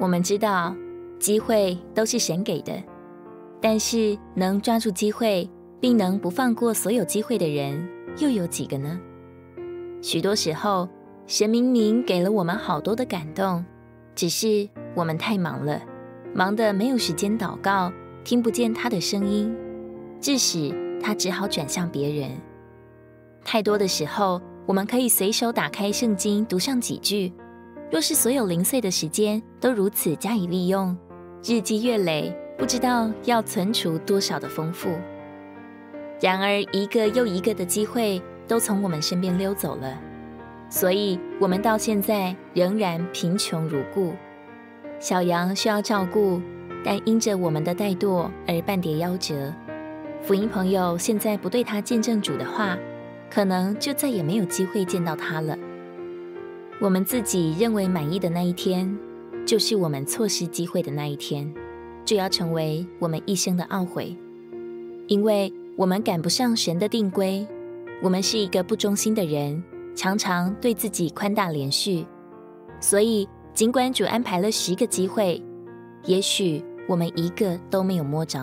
我們知道機會都是神給的，但是能抓住機會並能不放過所有機會的人又有幾個呢？許多時候，神明明給了我們好多的感動，只是我們太忙了，忙得沒有時間禱告，聽不見他的聲音，致使他只好轉向別人。太多的時候，我們可以隨手打開聖經，讀上幾句。若是所有零碎的時間都如此加以利用，日積月累，不知道要存儲多少的豐富。然而，一個又一個的機會都從我們身邊溜走了，所以我們到現在仍然貧窮如故。小羊需要照顧，但因着我們的怠惰而半點夭折。福音朋友現在不對他見證主的話，可能就再也沒有機會見到他了。我們自己認為滿意的那一天，就是我們錯失機會的那一天，就要成為我們一生的懊悔。因為我們趕不上神的定規，我們是一個不忠心的人，常常對自己寬大連續。所以，儘管主安排了十個機會，也許我們一個都沒有摸着。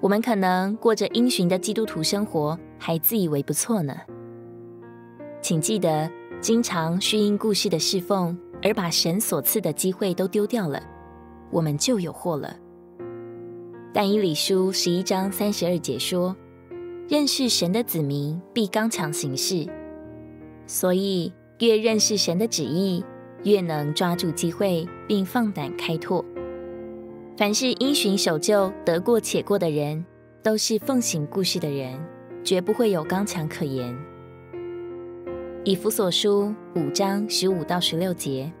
我們可能過着因循的基督徒生活，還自以為不錯呢。請記得。經常是因故事的侍奉而把神所賜的機會都丟掉了，我們就有禍了。但以理書十一章三十二節說：“認識神的子民必剛強行事，所以越認識神的旨意，越能抓住機會並放膽開拓。凡是因循守舊、得過且過的人，都是奉行故事的人，絕不會有剛強可言。”以弗所書五章十五到十六節，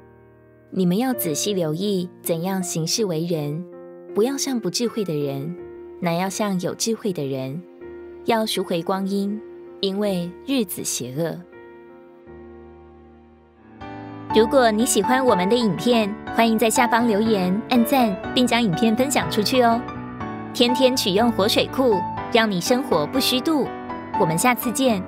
你們要仔細留意怎樣行事為人，不要像不智慧的人，乃要像有智慧的人，要贖回光陰，因為日子邪惡。如果你喜歡我們的影片，歡迎在下方留言、按讚，並將影片分享出去哦。天天取用活水庫，讓你生活不虛度。我們下次見。